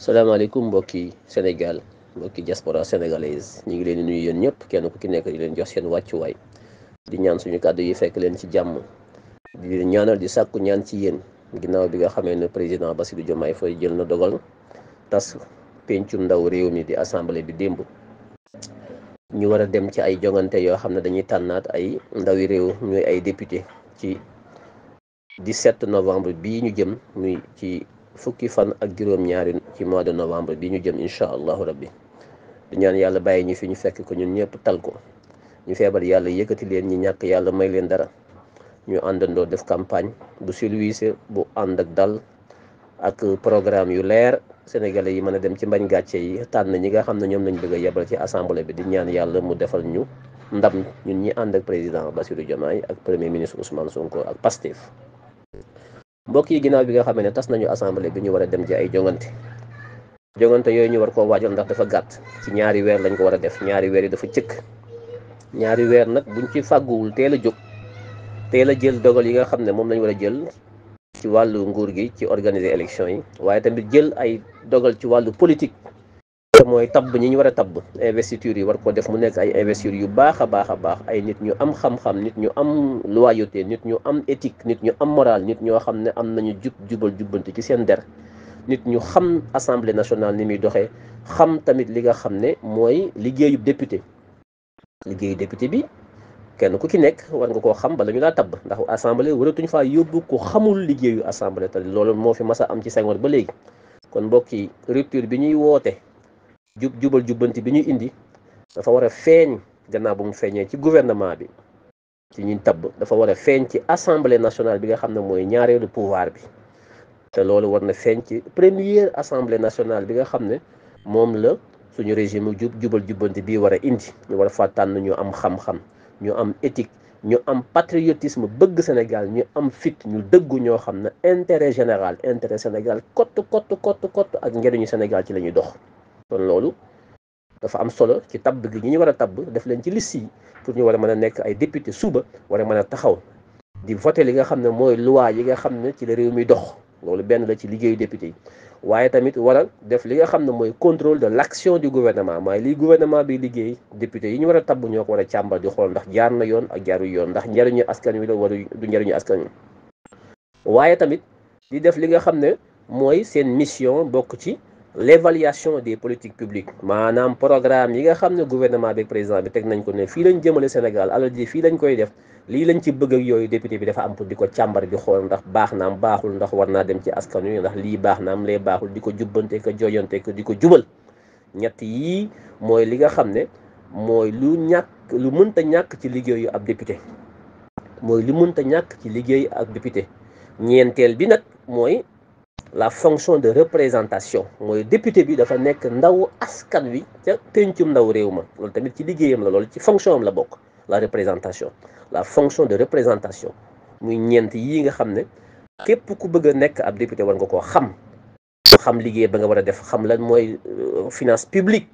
salaamaaleykum mbokki Sénégal mbokki diaspora sénégalaise ñu ngi leen di nuyu yéen ñëpp kenn ku ci nekk di leen jox seen wàccuwaay di ñaan suñu kàddu yi fekk leen ci jàmm di ñaanal di sàkku ñaan ci yéen ginnaaw bi nga xamee ne président Bassirou Diomaye Faye jël na dogal tas pencum ndaw réew mi di assemblée bi démb ñu war a dem ci ay jongante yoo xam ne dañuy tànnaat ay ndawi réew ñooy ay député ci 17 novembre bi ñu jëm muy ci fukki fan ak juróom-ñaari ci mois de novembre bi ñu jëm incha allahu rabbi di ñaan yàlla bàyyi ñu fi ñu fekk ko ñun ñëpp tal ko ñu feebar yàlla yëkkati leen ñi ñàkk yàlla may leen dara ñu àndandoo def campagne bu silwiise bu ànd ak dal ak programme yu leer sénégalais yi mën a dem ci mbañ gàcce yi tànn ñi nga xam ne ñoom lañ bëgg a yebal ci assemblée bi di ñaan yàlla mu defal ñu ndam ñun ñi ànd ak président Bassirou Diomaye ak premier ministre Ousmane Sonko ak Pastef mbokk yi ginaaw bi nga xam ne tas nañu assemblée bi ñu war a dem ji ay jongante jongante yooyu ñu war koo waajal ndax dafa gàtt ci ñaari weer lañ ko war a def ñaari weer yi dafa cëkk ñaari weer nag buñ ci fàgguwul teel a jóg teel la jël dogal yi nga xam ne moom lañ war a jël ci wàllu nguur gi ci organiser élection yi waaye tamit jël ay dogal ci wàllu politique te mooy tabb ñi ñu war a tabb investiture yi war koo def mu nekk ay investiture yu baax a baax a baax ay nit ñu am xam-xam nit ñu am loyauté nit ñu am éthique nit ñu am morale nit ñoo xam ne am nañu jub jubal jubbanti ci seen der nit ñu xam assemblée nationale ni muy doxee xam tamit li nga xam ne mooy liggéeyu député liggéeyu député bi kenn ku ci nekk war nga koo xam bala ñu laa tabb ndax assemblée waratuñ fa yóbbu ku xamul liggéeyu assemblée te loolu moo fi mas a am ci Senghor ba léegi kon mbokk bi ñuy woote jub jubal jubbanti bi ñu indi dafa war a feeñ gannaaw bu mu feeñee ci gouvernement bi ci ñuy tab dafa war a feeñ ci assemblée nationale bi nga xam ne mooy ñaareelu pouvoir bi te loolu war na feeñ ci première assemblée nationale bi nga xam ne moom la suñu régime jub jubal jubante bii war a indi ñu war a fa ñu am xam-xam ñu am éthique ñu am patriotisme bëgg Sénégal ñu am fit ñu dëggu ñoo xam ne intérêt général intérêt Sénégal kott kott kott kott ak njëriñu Sénégal ci la ñuy dox. kon loolu dafa am solo ci tabb gi ñi ñu war a tabb def leen ci liste yi pour ñu war a mën a nekk ay député suba wara mën a taxaw di voté li nga xam ne mooy loi yi nga xam ne ci la réew mi dox loolu benn la ci liggéeyu député waaye tamit waral def li nga xam ne mooy contrôle de l'action du gouvernement mooy li gouvernement bi liggéey député yi ñu war a tabb ñoo ko war a càmbar di xool ndax jaar na yoon ak jaaru yoon ndax njariñu askan wi la wala du njariñu askan wi waaye tamit di def li nga xam ne mooy seen mission bokk ci l'évaluation des politique publiques maanaam programme yi nga xam ne gouvernement bi président bi teg nañ ko ne fii lañ jëmale Sénégal alal ji fii lañ koy def lii lañ ci bëgg ak yooyu député bi dafa am pour di ko càmbar bi xool ndax baax naam baaxul ndax war naa dem ci askan wi ndax lii baax naam lee baaxul di ko jubbante ko jooyante ko di ko jubal ñett yii mooy li nga xam ne mooy lu ñàkk lu mënta ñàkk ci liggéeyu ab député mooy lu mënta ñàkk ci liggéey ak député ñeenteel bi nag mooy la fonction de représentation mooy député bi dafa nekk ndaw askan wi ca pencum ndaw réew ma loolu tamit ci liggéeyam la loolu ci fonction am la bokk la représentation la fonction de représentation muy ñeent yi nga xam ne képp ku bëgg a nekk ab député war nga koo xam xam liggéey ba nga war a def xam lan mooy euh, finance publique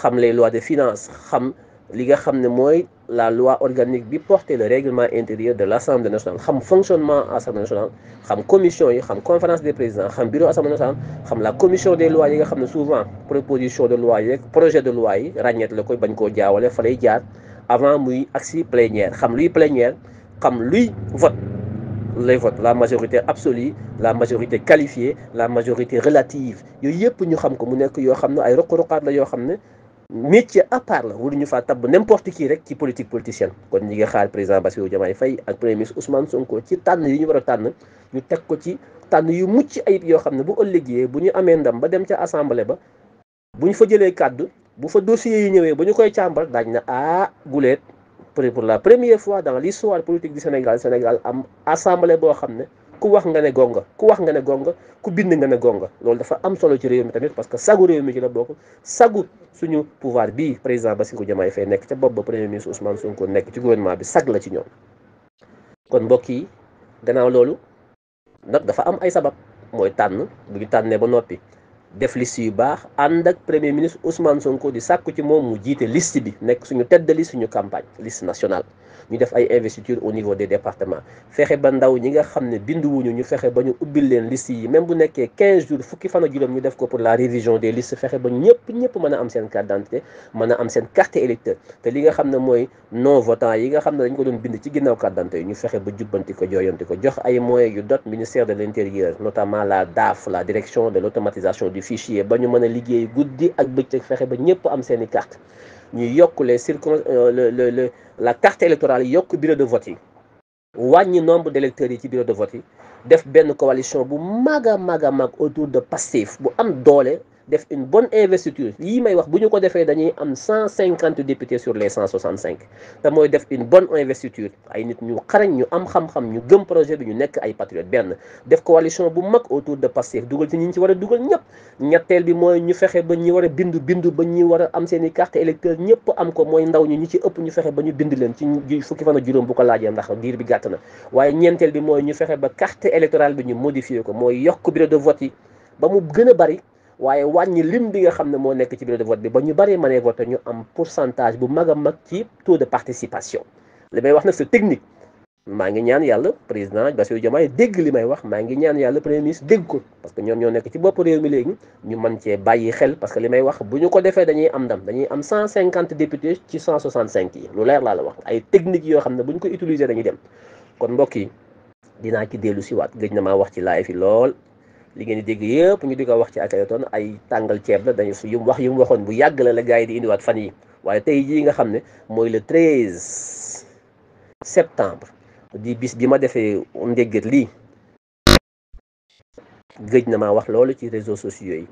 xam les lois de finance xam li nga xam ne mooy la loi organique bi porte le règlement intérieur de l' assemblée nationale xam fonctionnement assemblée nationale xam commission yi xam conférence des présidents xam bureau assemblée nationale xam la commission des lois yi nga xam ne souvent proposition de loi yi rek projet de loi yi ràññeet la koy bañ ko jaawale fa lay jaar avant muy agsi plénière xam luy plénière xam luy vote les votes la majorité absolue la majorité qualifiée la majorité relative yooyu yëpp ñu xam ko mu nekk yoo xam ne ay roq la yoo xam ne métier à part la waruñu faa tabb n'importe kii rek ci politique politicienne kon ñi nga xaar président Bassirou Diomaye Faye ak premier ministre Ousmane Sonko ci tànn yi ñu war a tànn ñu teg ko ci tànn yu mucc ayib yoo xam ne bu ëllëgee bu ñu amee ndam ba dem ca assemblée ba bu ñu fa jëlee kàddu bu fa dossiers yi ñëwee ba ñu koy càmbar daañ na ah guleet pour la première fois dans l'histoire politique du Sénégal Sénégal am assemblée boo xam ne ku wax nga ne gonga ku wax nga ne gonga ku bind nga ne gonga loolu dafa am solo ci réew mi tamit parce que sagu réew mi ci la bokk sagu suñu pouvoir bi président Bassirou Diomaye Faye nekk ca bopp ba premier ministre Ousmane Sonko nekk ci gouvernement bi sag la ci ñoom. kon mbokk yi gannaaw loolu ndax dafa am ay sabab mooy tànn bu ñu tànnee ba noppi def liste yu baax ànd ak premier ministre Ousmane Sonko di sàkku ci moom mu jiite list bi nekk suñu tête de suñu campagne liste national ñu def ay investiture au niveau des départements fexe ba ndaw ñi nga xam ne binduwuñu ñu fexe ba ñu ubbil leen liste yi même bu nekkee 15 jours fukki fan ak juróom ñu def ko pour la révision des listes fexe ba ñëpp ñëpp mën a am seen carte d'identité am seen carte électeur te li nga xam ne mooy non votant yi nga xam ne dañ ko doon bind ci ginnaaw carte d'identité yi ñu fexe ba jubbanti ko jooyanti ko jox ay moyens yu dot ministère de l'intérieur notamment la DAF la direction de l'automatisation du fichier ba ñu mën a liggéey guddi ak bëccëg fexe ba ñëpp am seen i ñuy yokk les circon euh, le le la carte électorale yokk bureau de vote yi wàññi nombre d' yi ci bureau de vote yi def benn coalition bu mag a mag a mag autour de Pastef bu am doole def une bonne investiture yii may wax bu ñu ko defee dañuy am cent cinquante députés sur les cent soixante cinq te mooy def une bonne investiture ay nit ñu xarañ ñu am xam-xam ñu gëm projet bi ñu nekk ay patriotes benn def coalition bu mag autour de Pastef dugal ci ñi ñu ci war a dugal ñëpp ñetteel bi mooy ñu fexe ba ñu war a bindu bindu ba ñu war am seen i carte électeur ñëpp am ko mooy ndaw ñi ñi ci ëpp ñu fexe ba ñu bind leen ci fukki fan ak juróom bu ko laajee ndax diir bi gàtt na waaye ñeenteel bi mooy ñu fexe ba carte bi ñu modifié ko mooy yokk bureau de vote ba mu gën a bari waaye wàññi lim bi nga xam ne moo nekk ci bureau de vote bi ba ñu bari mënee voté ñu am pourcentage bu mag a mag ci taux de participation li may wax nag c'est technique maa ngi ñaan yàlla président Bassirou Diomaye dégg li may wax maa ngi ñaan yàlla premier ministre dégg ko parce que ñoom ñoo nekk ci bopp réew mi léegi ñu mën cee bàyyi xel parce que li may wax bu ñu ko defee dañuy am ndam dañuy am 150 députés ci 165 yi lu leer laa la wax ay techniques yoo xam ne bu ñu ko utiliser dañuy dem kon mbokk yi dinaa ci dellu si waat na maa wax ci laay fi lool li ngeen dégg yëpp ñu di ko wax ci Akhenaton ay tàngal ceeb la dañu su yu wax yu mu waxoon bu yàgg la la gars yi di indiwaat fan yi waaye tey jii nga xam ne mooy le 13 septembre di bis bi ma defee ndéggat lii gëj na maa wax loolu ci réseaux sociaux yi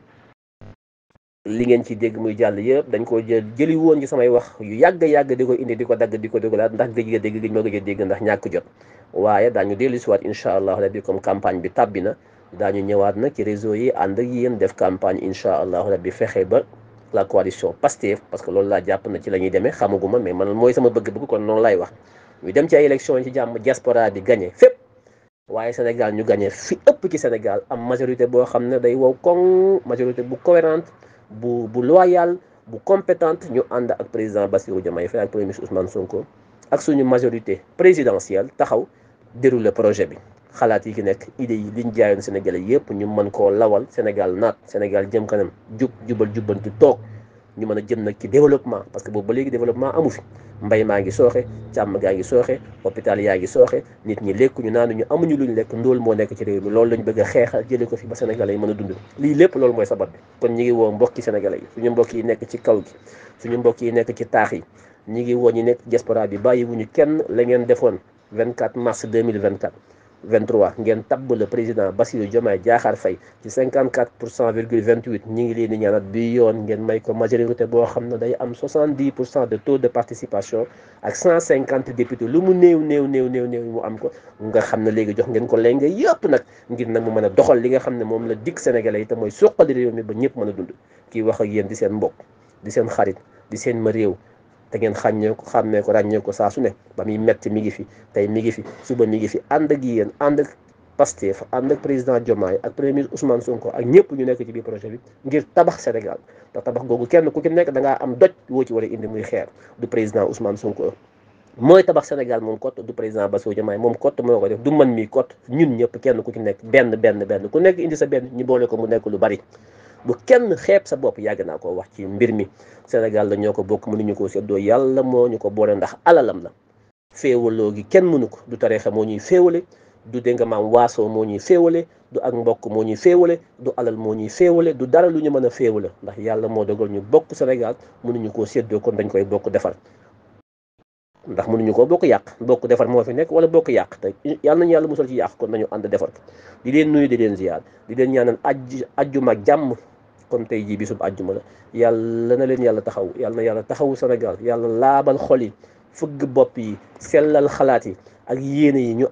li ngeen ci dégg muy jàll yëpp dañ ko jël jëli woon ci samay wax yu yàgg yàgg di ko indi di ko dagg di ko déglaat ndax gëj nga dégg gëj ma gëj a dégg ndax ñàkk jot waaye daañu dellu si waat incha allah rabi comme campagne bi tàbbi na daañu ñëwaat nag ci réseau yi ànd ak def campagne incha allahu rabbi fexe ba la coalition Pastef parce que loolu laa jàpp na ci la deme demee xamaguma mais man mooy sama bëgg-bëgg kon noonu lay wax ñu dem ci ay élection yi ci jàmm diaspora bi gagné fépp waaye Sénégal ñu gagné fi ëpp ci Sénégal am majorité boo xam ne day wow koŋ majorité bu cohérente bu bu loyale bu compétente ñu ànd ak président Bassirou Diomaye Faye ak premier ministre Ousmane Sonko ak suñu majorité présidentielle taxaw déroule projet bi xalaat yi ki nekk idées yi liñ jaayoon Sénégalais yëpp ñu mën koo lawal Sénégal naat Sénégal jëm kanam jub jubal jubbanti toog ñu mën a jëm nag ci développement parce que boobu ba léegi développement amu fi mbay maa ngi sooxe càmm gaa ngi sooxe hôpital yaa ngi sooxe nit ñi ñu lekkuñu ñu amuñu luñ lekk ndool moo nekk ci réew mi loolu lañ bëgg a xeexal jëlee ko fi ba sénégalais yi mën a dund lii lépp loolu mooy sabab bi kon ñi ngi woo mbokki sénégalais yi suñu mbokk yi nekk ci kaw gi suñu mbokk yi nekk ci taax yi ñi ngi woo ñi nekk diaspora bi bàyyiwuñu kenn la ngeen defoon 24 mars 2024 23 ngeen tabb le président Bassirou Diomaye Diakhar Faye ci 54 pour cent virgule 28 ñi ngi leen di ñaanat bi yoon ngeen may ko majorité boo xam ne day am 70 pour cent de taux de participation ak 150 députés lu mu néew néew néew néew néew mu am ko nga xam ne léegi jox ngeen ko lenge yëpp nag ngir nag mu mën a doxal li nga xam ne moom la dikk sénégale itam te mooy suqali réew mi ba ñëpp mën a dund kii wax a yéen di seen mbokk di seen xarit di seen ma réew te ngeen xàññee ko xàmmee ko ràññee saa su ne ba muy metti mi ngi fi tey mi ngi fi suba mi ngi fi ànd ak yéen ànd ak Pastef ànd ak président Diomaye ak premier ministre Ousmane Sonko ak ñëpp ñu nekk ci biir projet bi ngir tabax Sénégal ndax tabax googu kenn ku ci nekk da am doj woo ci war a indi muy xeer du président Ousmane Sonko mooy tabax Sénégal moom kott du président Bassirou Diomaye moom kott moo ko def du man mii kott ñun ñëpp kenn ku ci nekk benn benn benn ku nekk indi sa benn ñu boole ko mu nekk lu bari bu kenn xeeb sa bopp yàgg naa ko wax ci mbir mi Sénégal la ñoo ko bokk mënuñu koo seddoo yàlla moo ñu ko boole ndax alalam la féewaloo gi kenn mënu ko du tareexa moo ñuy féewale du dégg nga maam waasoo moo ñuy féewale du ak mbokk moo ñuy féewale du alal moo ñuy féewale du dara lu ñu mën a féewale ndax yàlla moo dogal ñu bokk Sénégal mënuñu koo séddoo kon dañ koy bokk defar ndax mënuñu ko bokk yàq bokk defar moo fi nekk wala bokk yàq te yàlla nañu yàlla musal ci yàq kon nañu ànd defar di leen nuyu di di leen ñaanal ajju ajjuma jàmm kon tey jii bisub àjjuma la yàlla na leen yàlla taxaw yàlla na yàlla taxawu Sénégal yàlla laabal xol yi fëgg bopp yi sellal xalaat yi ak yéene yi ñu